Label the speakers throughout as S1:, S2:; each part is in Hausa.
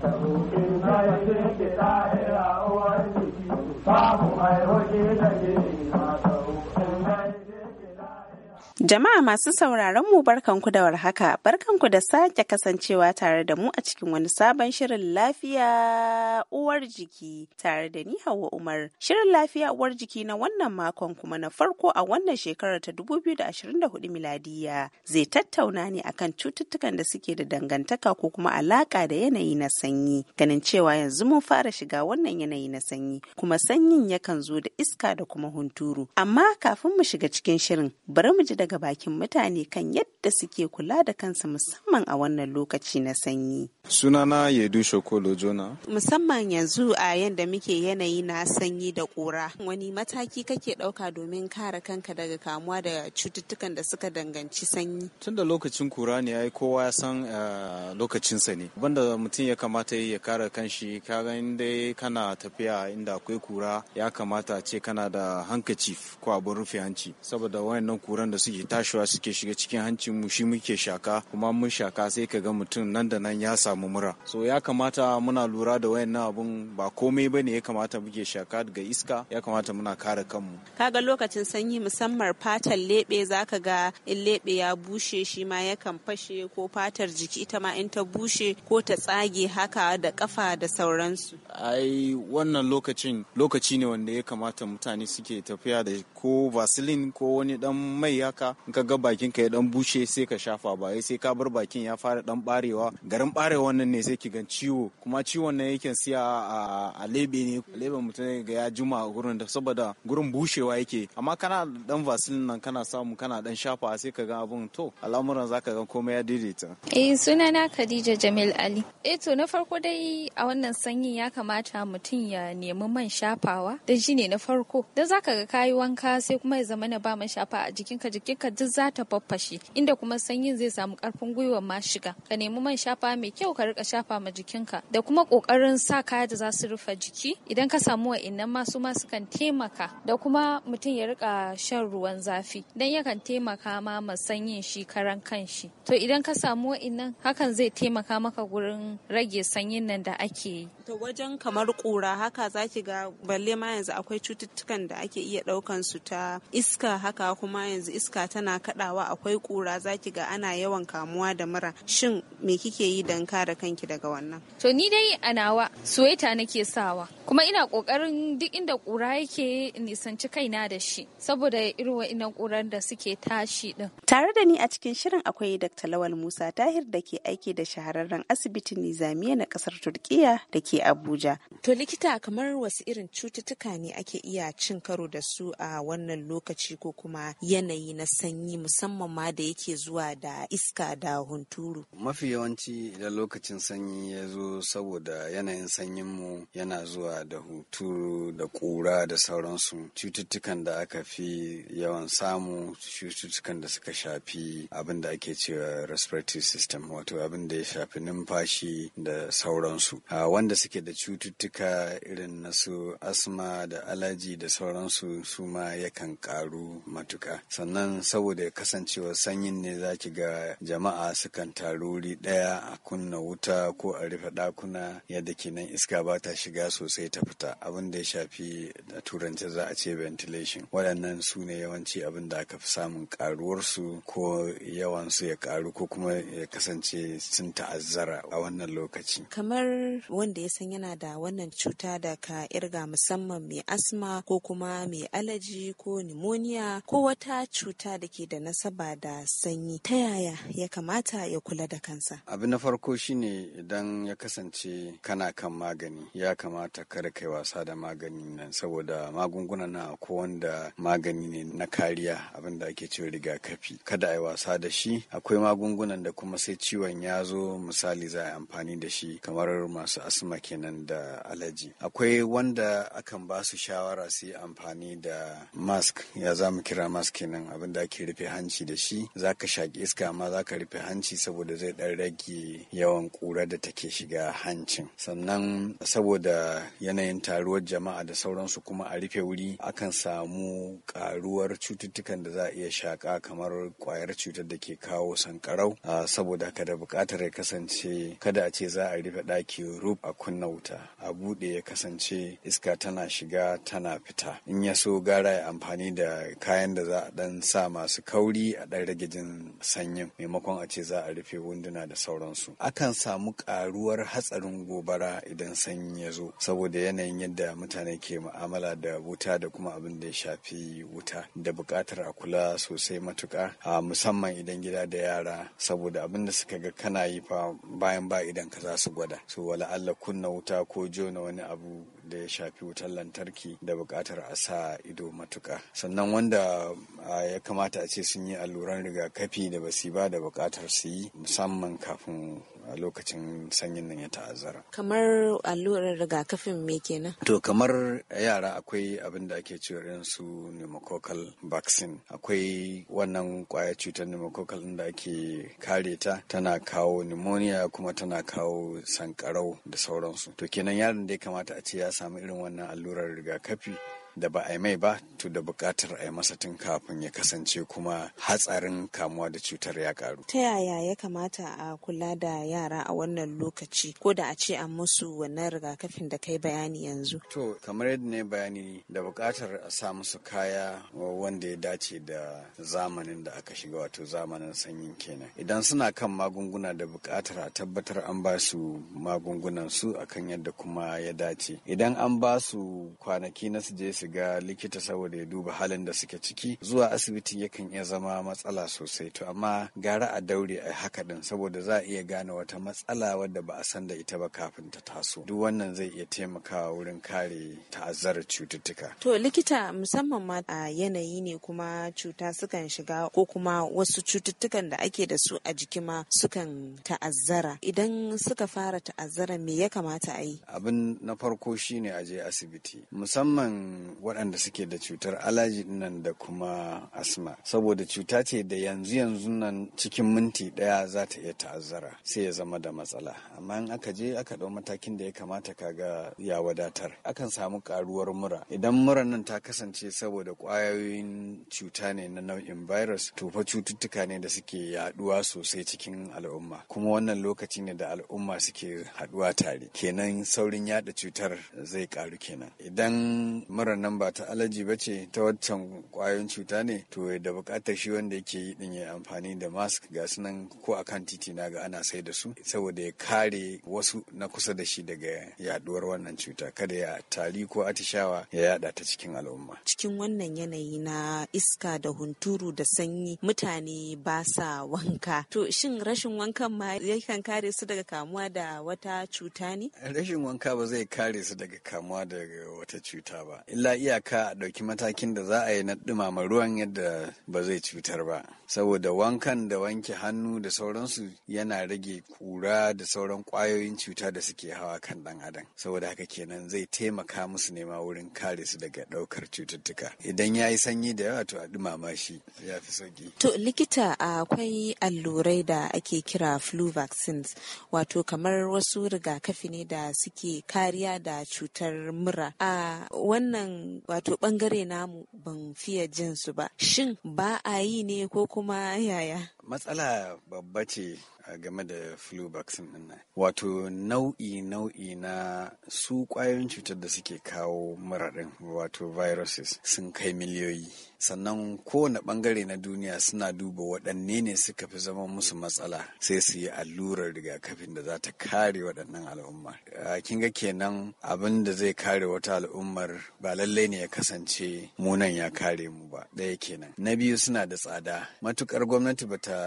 S1: Samu mai hoje da
S2: Jama'a masu sauraron mu barkanku da warhaka, barkanku da sake kasancewa tare da mu a cikin wani sabon shirin lafiya uwar jiki tare da ni Hauwa Umar. Shirin lafiya uwar jiki na wannan makon kuma na farko a wannan shekarar ta 2024 miladiya zai tattauna ne akan cututtukan da suke da dangantaka ko kuma alaka da yanayi na sanyi. Ganin cewa yanzu mun fara shiga wannan yanayi na sanyi kuma sanyin yakan zo da iska da kuma hunturu. Amma kafin mu shiga cikin shirin bari mu ji daga bakin mutane kan yadda suke kula da kansa musamman a wannan lokaci na sanyi.
S3: Sunana Yedu Shokolo Jona.
S2: Musamman yanzu a yadda muke yanayi na sanyi da ƙura. Wani mataki kake ɗauka domin kare kanka daga kamuwa da cututtukan da suka danganci sanyi?
S3: Tun da lokacin kura ne ai kowa ya san eh, lokacin sa ne. Banda mutum ya kamata ya kare kanshi kaga inda kana tafiya inda akwai kura, ya kamata ce kana da hankacif ko abin rufe hanci saboda wayannan kuran da suke tashiwa suke shiga cikin hancin mu shi muke shaka kuma mun shaka sai ka ga mutum nan da nan ya samu mura so ya kamata muna lura da wayannan abun ba komai bane ya kamata muke shaka daga iska ya kamata muna kare kanmu
S2: kaga lokacin sanyi musamman fatar lebe zaka ga in lebe ya bushe shi ma yakan fashe ko fatar jiki ita ma in ta bushe ko ta tsage haka da kafa da sauransu
S3: ai wannan lokacin lokaci ne wanda ya kamata mutane suke tafiya da ko vaseline ko wani dan mai haka in ka ga bakin ka ya dan bushe sai ka shafa ba sai ka bar bakin ya fara dan barewa garin barewa nan ne sai ki gan ciwo kuma ciwon nan yake siya a alebe ne alebe mutum ga ya juma a gurin da saboda gurin bushewa yake amma kana dan vaseline nan kana samu kana dan shafa sai ka ga abun to al'amuran zaka ga komai ya daidaita
S2: eh sunana Khadija Jamil Ali eh to na farko dai a wannan sanyi ya kamata mutum ya nemi man shafawa Dan shi ne na farko dan zaka ga kayi wanka sai kuma ya zama na ba man shafa a jikinka jikin duka duk za ta faffashe inda kuma sanyin zai samu karfin gwiwa ma shiga ka nemi man shafa mai kyau ka rika shafa ma jikinka da kuma kokarin sa kaya da za su rufe jiki idan ka samu wa'annan masu ma sukan taimaka da kuma mutum ya rika shan ruwan zafi dan yakan taimaka ma ma sanyin shi karan kanshi to idan ka samu wa'annan hakan zai taimaka maka gurin rage sanyin nan da ake yi To wajen kamar ƙura haka za ki ga balle ma yanzu akwai cututtukan da ake iya ɗaukan su ta iska haka kuma yanzu iska tana kaɗawa akwai ƙura za ki ga ana yawan kamuwa da mura shin me kike yi don kare kanki daga wannan to ni dai a nawa suweta nake sawa kuma ina ƙoƙarin duk inda ƙura yake nisanci kaina da shi saboda irin wa'innan ƙurar da suke tashi din tare da ni a cikin shirin akwai Dr. Lawal Musa Tahir da ke aiki da shahararren asibitin Nizamiya na ƙasar Turkiya da ke Abuja. To likita kamar wasu irin cututtuka ne ake iya cin karo da su a wannan lokaci ko kuma yanayi na sanyi musamman ma da yake zuwa da iska da hunturu.
S1: Mafi yawanci idan lokacin sanyi ya zo saboda yanayin sanyinmu yana zuwa da hunturu da ƙura da sauransu cututtukan da aka fi yawan samu cututtukan da suka shafi abin da ake cewa respiratory system wato abin da ya shafi numfashi da sauransu. Wanda su suke da cututtuka irin na su asma da alaji da sauransu su ma yakan karu matuka sannan saboda kasancewa sanyin ne za ki ga jama'a sukan taruri ɗaya a kunna wuta ko a rufe ɗakuna yadda kenan iska ba ta shiga sosai ta fita abin da ya shafi da turanci za a ce ventilation waɗannan su ne yawanci abin da aka fi samun karuwarsu ko su ya karu ko kuma ya kasance sun ta'azzara a wannan lokaci
S2: kamar wanda ya san yana da wannan cuta da ka irga musamman mai asma ko kuma mai alaji ko pneumonia ko wata cuta da ke da nasaba da sanyi ta yaya ya kamata ya kula da kansa
S1: abu na farko shine idan ya kasance kana kan magani ya kamata kada kai wasa da magani nan saboda magunguna na ko wanda magani ne na kariya abin da ake cewa rigakafi kada a yi wasa da shi akwai magungunan da kuma sai ciwon ya zo misali za a yi amfani da shi kamar masu asma kenan da alaji akwai wanda akan ba su shawara su yi amfani da mask ya za mu kira mask kenan abin da ake rufe hanci da shi za ka shaƙi iska amma za ka rufe hanci saboda zai ɗan rage yawan ƙura da take shiga hancin sannan saboda yanayin taruwar jama'a da sauransu kuma a rufe wuri akan samu ƙaruwar cututtukan da za a iya shaƙa kamar ƙwayar cutar da ke kawo sankarau ah, saboda kada da buƙatar ya kasance kada a ce za a rufe ɗaki rub akwai kunna wuta a bude ya kasance iska tana shiga tana fita in ya so gara ya amfani da kayan da za a dan sa masu kauri a dan rage jin sanyin maimakon a ce za a rufe wunduna da sauransu akan samu karuwar hatsarin gobara idan sanyi ya zo saboda yanayin yadda mutane ke mu'amala da wuta da kuma abin da ya shafi wuta da buƙatar a kula sosai matuƙa a musamman idan gida da yara saboda abin da suka ga kana yi fa bayan ba idan ka za su gwada so wala Allah kun na wuta ko jona wani abu da ya shafi wutar lantarki da buƙatar a sa ido matuƙa sannan wanda ya kamata a ce sun yi alluran rigakafi da basi ba da buƙatar su yi musamman kafin a lokacin sanyin nan ya ta'azzara.
S2: Kamar allurar rigakafin me kenan?
S1: To kamar yara akwai abin da ake cewa irin su pneumococcal vaccine. Akwai wannan kwayar cutar pneumococcal da ake kare ta tana kawo pneumonia kuma tana kawo sankarau da sauransu. To kenan yaron da ya kamata a ce ya samu irin wannan allurar rigakafi da ba a yi mai ba to da buƙatar a yi masa tun kafin ya kasance kuma hatsarin kamuwa da cutar ya karu.
S2: Ta yaya ya kamata a kula da yara a wannan lokaci ko da a ce an musu wannan rigakafin da kai bayani yanzu?
S1: To kamar yadda ne bayani da buƙatar a sa musu kaya wanda ya dace da zamanin da aka shiga wato zamanin sanyin kenan. Idan suna kan magunguna da buƙatar a tabbatar an ba su magungunan su akan yadda kuma ya dace. Idan an ba su kwanaki na su je su likita saboda ya duba halin da suke ciki zuwa asibiti yakan iya zama matsala sosai to amma gara a daure a haka din saboda za a iya gane wata matsala wadda ba a san da ita ba kafin ta taso duk wannan zai iya taimakawa wurin kare ta'azzarar cututtuka
S2: to likita musamman ma a yanayi ne kuma cuta sukan shiga ko kuma wasu cututtukan da ake da su a jiki ma sukan ta'azzara idan suka fara ta'azzara me ya kamata a yi
S1: abin na farko shine a je asibiti musamman waɗanda suke da cutar alaji nan da kuma asma saboda cuta ce da yanzu yanzu nan cikin minti ɗaya za ta iya ta'azzara sai ya zama da matsala amma in aka je aka ɗau matakin da ya kamata ka ga ya wadatar akan samu ƙaruwar mura idan mura nan ta kasance saboda ƙwayoyin cuta ne na nau'in virus to fa cututtuka ne da suke yaɗuwa sosai cikin al'umma kuma wannan lokaci ne da al'umma suke haɗuwa tare kenan saurin yaɗa cutar zai ƙaru kenan idan mura nan ba ta alaji ba ce ta waccan kwayoyin cuta ne to da bukatar shi wanda yake yi din ya amfani da mask ga sunan ko kan titi na ga ana sai da su saboda ya kare wasu na kusa da shi daga yaduwar wannan cuta kada ya tari ko atishawa ya yada ta cikin al'umma
S2: cikin wannan yanayi na iska da hunturu da sanyi mutane ba sa wanka to shin rashin wankan ma yakan kare su daga kamuwa da wata cuta ne
S1: rashin wanka ba zai kare su daga kamuwa daga wata cuta ba illa illa iyaka a ɗauki matakin da za a yi na ɗumama ruwan yadda ba zai cutar ba saboda wankan da wanke hannu da sauransu yana rage kura da sauran ƙwayoyin cuta da suke hawa kan ɗan adam saboda haka kenan zai taimaka musu nema wurin kare su daga ɗaukar cututtuka idan ya yi sanyi da yawa to a ɗumama shi ya fi sauki. to
S2: likita akwai allurai da ake kira flu vaccines wato kamar wasu rigakafi ne da suke kariya da cutar mura a wannan wato bangare namu ban fiye jin su ba. Shin ba a yi ne ko kuma yaya?
S1: matsala babba ce game da flu vaccine din nan wato nau'i nau'i na su ƙwayoyin cutar da suke kawo mura wato viruses sun kai miliyoyi sannan kowane ɓangare na duniya suna duba waɗanne ne suka fi zama musu matsala sai su yi allurar rigakafin da za ta kare waɗannan al'umma kin ga kenan abin da zai kare wata al'ummar ba lallai ne ya kasance munan ya kare mu ba ɗaya kenan na biyu suna da tsada matukar gwamnati bata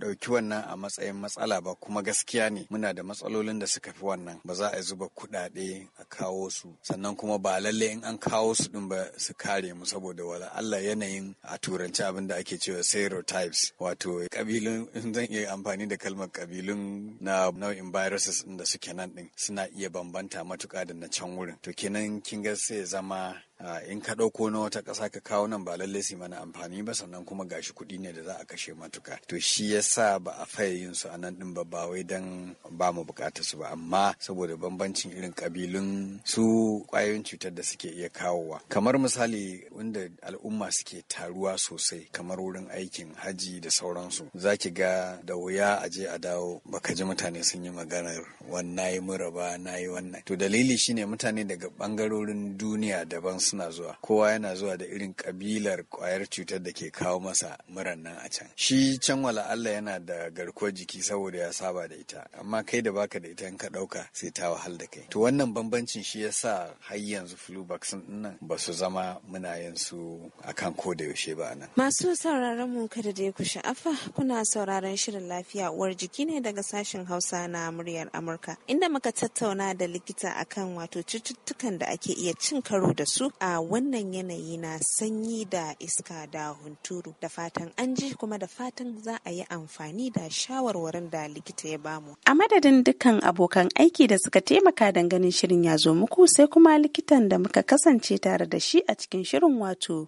S1: Dauki wannan a matsayin matsala ba kuma gaskiya ne muna da matsalolin da suka fi wannan ba za a zuba kuɗaɗe a kawo su sannan kuma ba lalle in an kawo su ɗin ba su kare mu saboda wala Allah yanayin a turanci abin da ake cewa serotypes wato kabilun zan iya amfani da kalmar kabilun na nau'in viruses ɗin da suke nan ɗin suna iya bambanta matuƙa da na can wurin to kenan kin ga sai zama Ah, in ka ɗauko na wata ƙasa ka kawo nan ba lallai su mana amfani ba sannan kuma gashi kuɗi ne da za a kashe matuka to shi yasa ba a faye yin su a nan ɗin ba ba wai dan ba mu buƙatar su ba amma saboda bambancin irin ƙabilun su ƙwayoyin cutar da suke iya kawowa kamar misali wanda al'umma suke taruwa sosai kamar wurin aikin haji da sauransu za ki ga da wuya a je a dawo baka ji mutane sun yi maganar wannan yi mura na yi wannan to dalili shine mutane daga ɓangarorin duniya daban suna zuwa kowa yana zuwa da irin kabilar kwayar cutar da ke kawo masa muran nan a can shi can wala Allah yana da garkuwar jiki saboda ya saba da ita amma kai da baka da ita in ka dauka sai ta wahal da kai to wannan bambancin shi yasa har yanzu flu vaccine din nan ba su zama muna yin su akan ko da yaushe ba nan
S2: masu sauraron mu kada da ku sha'afa kuna sauraron shirin lafiya uwar jiki ne daga sashen Hausa na muryar Amurka inda muka tattauna da likita akan wato cututtukan da ake iya cin karo da su a wannan yanayi na sanyi da iska da hunturu da fatan an ji kuma da fatan za a yi amfani da shawarwarin da likita ya bamu a madadin dukkan abokan aiki da suka taimaka don ganin shirin ya zo muku sai kuma likitan da muka kasance tare da shi a cikin shirin wato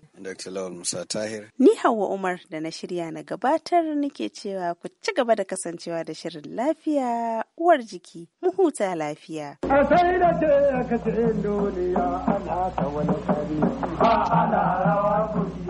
S2: ni Hauwa umar da na shirya na gabatar nake cewa ku ci gaba da kasancewa da shirin lafiya uwar jiki mu huta lafiya
S1: a sai da ce ka ce duniya ana ta wani Ba ana
S2: rawa kuci.